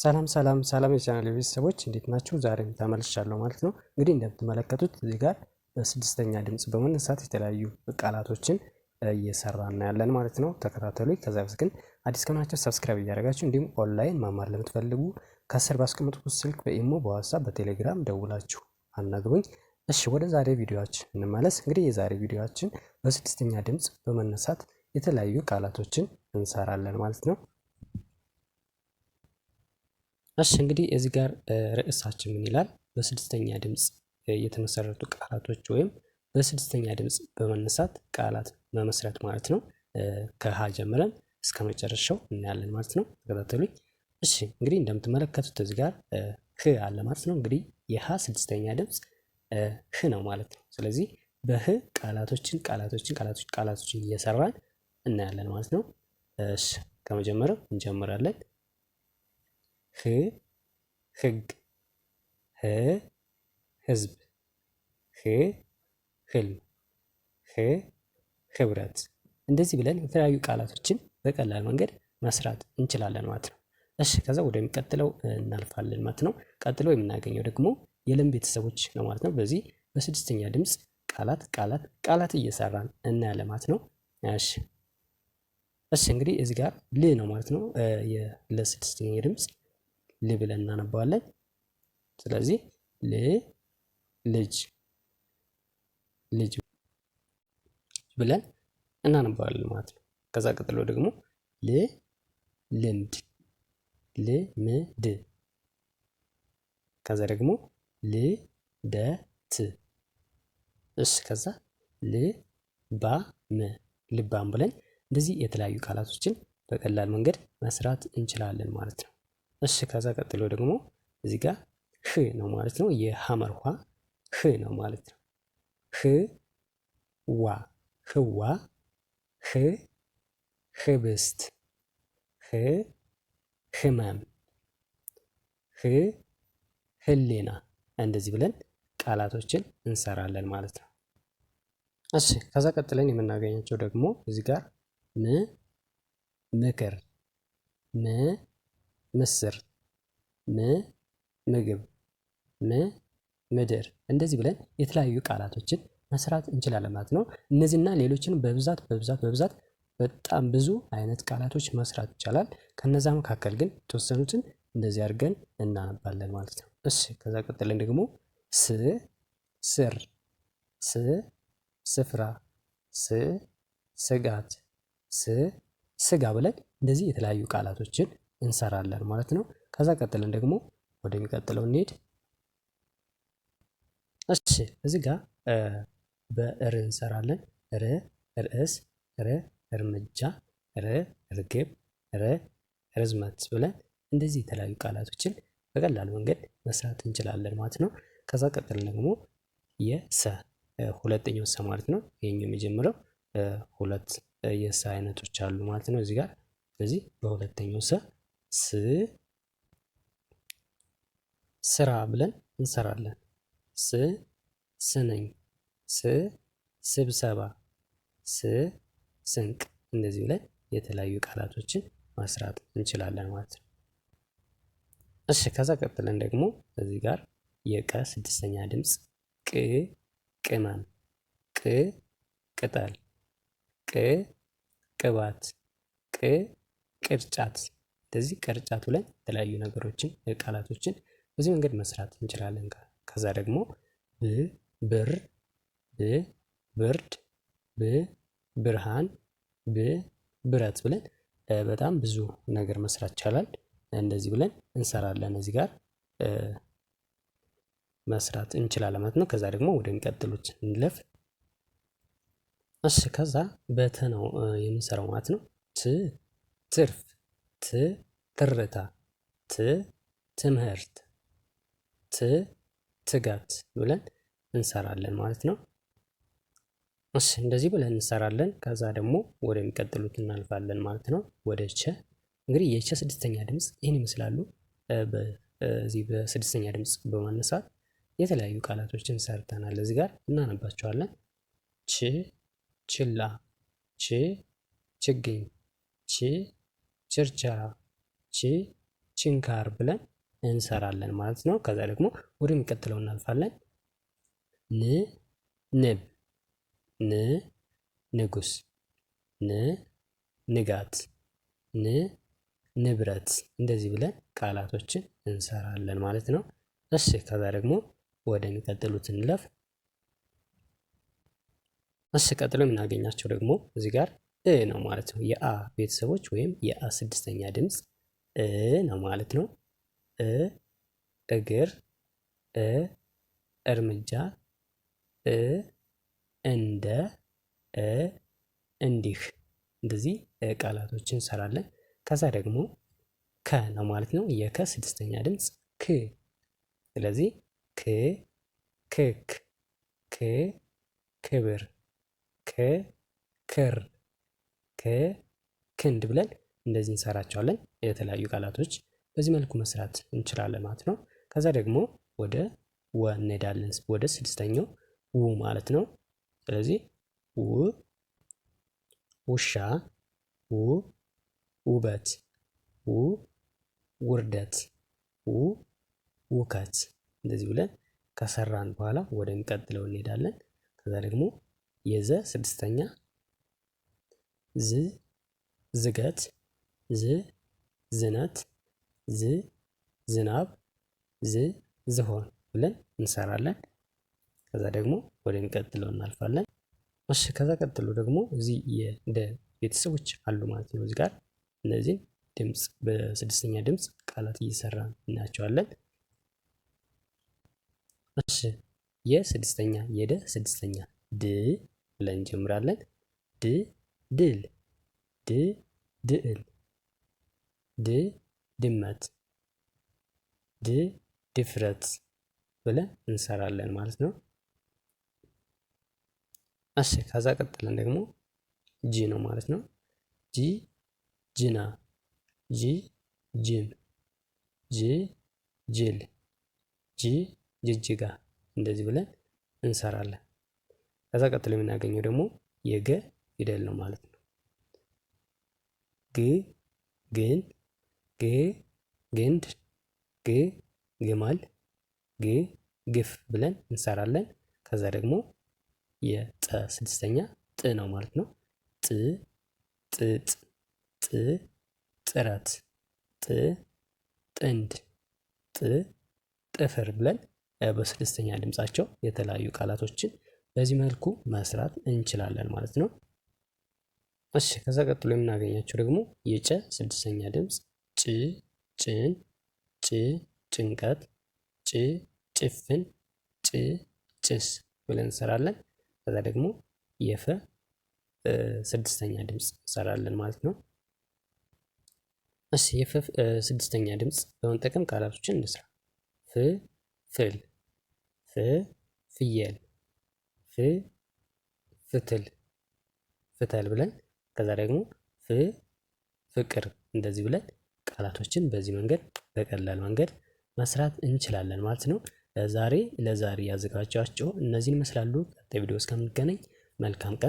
ሰላም ሰላም ሰላም የቻናል ቤተሰቦች እንዴት ናችሁ? ዛሬም ተመልሻለሁ ማለት ነው። እንግዲህ እንደምትመለከቱት እዚህ ጋር በስድስተኛ ድምፅ በመነሳት የተለያዩ ቃላቶችን እየሰራ እናያለን ማለት ነው። ተከታተሉ። ከዛ በፊት ግን አዲስ ከሆናችሁ ሰብስክራይብ እያደረጋችሁ እንዲሁም ኦንላይን መማር ለምትፈልጉ ከስር ባስቀመጥኩት ስልክ በኢሞ በዋትሳፕ በቴሌግራም ደውላችሁ አናግሩኝ። እሺ ወደ ዛሬ ቪዲዮችን እንመለስ። እንግዲህ የዛሬ ቪዲዮችን በስድስተኛ ድምፅ በመነሳት የተለያዩ ቃላቶችን እንሰራለን ማለት ነው። እሺ እንግዲህ እዚህ ጋር ርዕሳችን ምን ይላል? በስድስተኛ ድምፅ የተመሰረቱ ቃላቶች ወይም በስድስተኛ ድምፅ በመነሳት ቃላት መመስረት ማለት ነው። ከሀ ጀምረን እስከ መጨረሻው እናያለን ማለት ነው። ተከታተሉኝ። እሺ እንግዲህ እንደምትመለከቱት እዚህ ጋር ህ አለ ማለት ነው። እንግዲህ የሀ ስድስተኛ ድምፅ ህ ነው ማለት ነው። ስለዚህ በህ ቃላቶችን ቃላቶችን ቃላቶችን ቃላቶችን እየሰራን እናያለን ማለት ነው። እሺ ከመጀመሪያው እንጀምራለን። ህ ህግ ህ ህዝብ ህ ህልም ህ ህብረት እንደዚህ ብለን የተለያዩ ቃላቶችን በቀላል መንገድ መስራት እንችላለን ማለት ነው። እሺ ከዛ ወደሚቀጥለው እናልፋለን ማለት ነው። ቀጥሎ የምናገኘው ደግሞ የለም ቤተሰቦች ነው ማለት ነው። በዚህ በስድስተኛ ድምፅ ቃላት ቃላት ቃላት እየሰራን እናያለ ማለት ነው። እሺ እሺ እንግዲህ እዚህ ጋር ል ነው ማለት ነው። ለስድስተኛ ድምፅ ል ብለን እናነባዋለን። ስለዚህ ል ልጅ ልጅ ብለን እናነባዋለን ማለት ነው። ከዛ ቀጥሎ ደግሞ ል ልምድ ልምድ ከዛ ደግሞ ልደት እሺ ከዛ ልባም ልባም ብለን እንደዚህ የተለያዩ ቃላቶችን በቀላል መንገድ መስራት እንችላለን ማለት ነው። እሺ ከዛ ቀጥሎ ደግሞ እዚህ ጋር ህ ነው ማለት ነው። የሐመር ውሃ ህ ነው ማለት ነው። ህ ዋ ህዋ ህ ህብስት ህ ህመም ህ ህሌና እንደዚህ ብለን ቃላቶችን እንሰራለን ማለት ነው። እሺ ከዛ ቀጥለን የምናገኛቸው ደግሞ እዚህ ጋር ም ምክር ም ምስር ም ምግብ ም ምድር እንደዚህ ብለን የተለያዩ ቃላቶችን መስራት እንችላለን ማለት ነው። እነዚህና ሌሎችን በብዛት በብዛት በብዛት በጣም ብዙ አይነት ቃላቶች መስራት ይቻላል። ከነዛ መካከል ግን የተወሰኑትን እንደዚህ አድርገን እናነባለን ማለት ነው። እሺ ከዛ ቀጥለን ደግሞ ስ ስር ስ ስፍራ ስ ስጋት ስ ስጋ ብለን እንደዚህ የተለያዩ ቃላቶችን እንሰራለን ማለት ነው። ከዛ ቀጥለን ደግሞ ወደሚቀጥለው እንሄድ። እሺ እዚህ ጋር በእር እንሰራለን። ር ርዕስ፣ ር እርምጃ፣ ር ርግብ፣ ር ርዝመት ብለን እንደዚህ የተለያዩ ቃላቶችን በቀላል መንገድ መስራት እንችላለን ማለት ነው። ከዛ ቀጥለን ደግሞ የሰ ሁለተኛው ሰ ማለት ነው። ይህኛው የሚጀምረው ሁለት የሰ አይነቶች አሉ ማለት ነው እዚህ ጋር። ስለዚህ በሁለተኛው ሰ ስ ስራ ብለን እንሰራለን። ስ ስነኝ ስ ስብሰባ ስ ስንቅ እንደዚህ ብለን የተለያዩ ቃላቶችን ማስራት እንችላለን ማለት ነው። እሺ ከዛ ቀጥለን ደግሞ እዚህ ጋር የቀ ስድስተኛ ድምፅ ቅ ቅመም ቅ ቅጠል ቅ ቅባት ቅ ቅርጫት እንደዚህ ቅርጫቱ ላይ የተለያዩ ነገሮችን ቃላቶችን በዚህ መንገድ መስራት እንችላለን። ከዛ ደግሞ ብ ብር፣ ብ ብርድ፣ ብ ብርሃን፣ ብ ብረት ብለን በጣም ብዙ ነገር መስራት ይቻላል። እንደዚህ ብለን እንሰራለን። እዚህ ጋር መስራት እንችላለን ማለት ነው። ከዛ ደግሞ ወደ ሚቀጥሉት እንለፍ። እሺ፣ ከዛ በተ ነው የምንሰራው ማለት ነው። ት ትርፍ ት ትርታ ት ትምህርት ት ትጋት ብለን እንሰራለን ማለት ነው። እሺ እንደዚህ ብለን እንሰራለን። ከዛ ደግሞ ወደሚቀጥሉት እናልፋለን ማለት ነው። ወደ ቸ እንግዲህ የቸ ስድስተኛ ድምፅ ይህን ይመስላሉ። በዚህ በስድስተኛ ድምፅ በማነሳት የተለያዩ ቃላቶችን ሰርተናል። እዚህ ጋር እናነባቸዋለን። ች ችላ፣ ች ችግኝ፣ ች ችርቻ ቺ ችንካር ብለን እንሰራለን ማለት ነው። ከዛ ደግሞ ወደ የሚቀጥለው እናልፋለን። ን ንብ ን ንጉስ ን ንጋት ን ንብረት እንደዚህ ብለን ቃላቶችን እንሰራለን ማለት ነው። እሺ ከዛ ደግሞ ወደሚቀጥሉት እንለፍ። እሺ ቀጥሎ የምናገኛቸው ደግሞ እዚህ ጋር እ ነው ማለት ነው። የአ ቤተሰቦች ወይም የአ ስድስተኛ ድምፅ እ ነው ማለት ነው። እ እግር፣ እ እርምጃ፣ እ እንደ፣ እ እንዲህ እንደዚህ ቃላቶችን እንሰራለን። ከዛ ደግሞ ከ ነው ማለት ነው። የከ ስድስተኛ ድምፅ ክ። ስለዚህ ክ ክክ፣ ክ ክብር፣ ክ ክር ክንድ ብለን እንደዚህ እንሰራቸዋለን። የተለያዩ ቃላቶች በዚህ መልኩ መስራት እንችላለን ማለት ነው። ከዛ ደግሞ ወደ ወ እንሄዳለን። ወደ ስድስተኛው ው ማለት ነው። ስለዚህ ው ውሻ፣ ው ውበት፣ ው ውርደት፣ ው ውከት እንደዚህ ብለን ከሰራን በኋላ ወደሚቀጥለው እንሄዳለን። ከዛ ደግሞ የዘ ስድስተኛ ዝ ዝገት ዝ ዝነት ዝ ዝናብ ዝ ዝሆን ብለን እንሰራለን። ከዛ ደግሞ ወደ ሚቀጥለው እናልፋለን። እሺ ከዛ ቀጥሎ ደግሞ እዚህ የደ ቤተሰቦች አሉ ማለት ነው። እዚህ ጋር እነዚህን ድምፅ በስድስተኛ ድምፅ ቃላት እየሰራ እናያቸዋለን። እሺ የስድስተኛ የደ ስድስተኛ ድ ብለን እንጀምራለን። ድ ድል ድ ድዕል ድ ድመት ድ ድፍረት ብለን እንሰራለን ማለት ነው። እሺ ከዛ ቀጥለን ደግሞ ጂ ነው ማለት ነው። ጂ ጅና ጂ ጅም ጂ ጅል ጂ ጅጅጋ እንደዚህ ብለን እንሰራለን። ከዛ ቀጥሎ የምናገኘው ደግሞ የገ ፊደል ነው ማለት ነው። ግ ግን ግ ግንድ ግ ግመል ግ ግፍ ብለን እንሰራለን። ከዛ ደግሞ የጠ ስድስተኛ ጥ ነው ማለት ነው። ጥ ጥጥ ጥ ጥረት ጥ ጥንድ ጥ ጥፍር ብለን በስድስተኛ ድምጻቸው የተለያዩ ቃላቶችን በዚህ መልኩ መስራት እንችላለን ማለት ነው። እሺ ከዛ ቀጥሎ የምናገኛቸው ደግሞ የጨ ስድስተኛ ድምፅ ጭ ጭን ጭ ጭንቀት ጭ ጭፍን ጭ ጭስ ብለን እንሰራለን። ከዛ ደግሞ የፈ ስድስተኛ ድምፅ እንሰራለን ማለት ነው። እሺ የፈ ስድስተኛ ድምፅ በመጠቀም ቃላቶችን እንስራ። ፍ ፍል ፍ ፍየል ፍ ፍትል ፍተል ብለን ከዛ ደግሞ ፍቅር እንደዚህ ብለን ቃላቶችን በዚህ መንገድ በቀላል መንገድ መስራት እንችላለን ማለት ነው። ዛሬ ለዛሬ ያዘጋጃቸው እነዚህን ይመስላሉ። ቀጣይ ቪዲዮ እስከምንገናኝ መልካም ቀን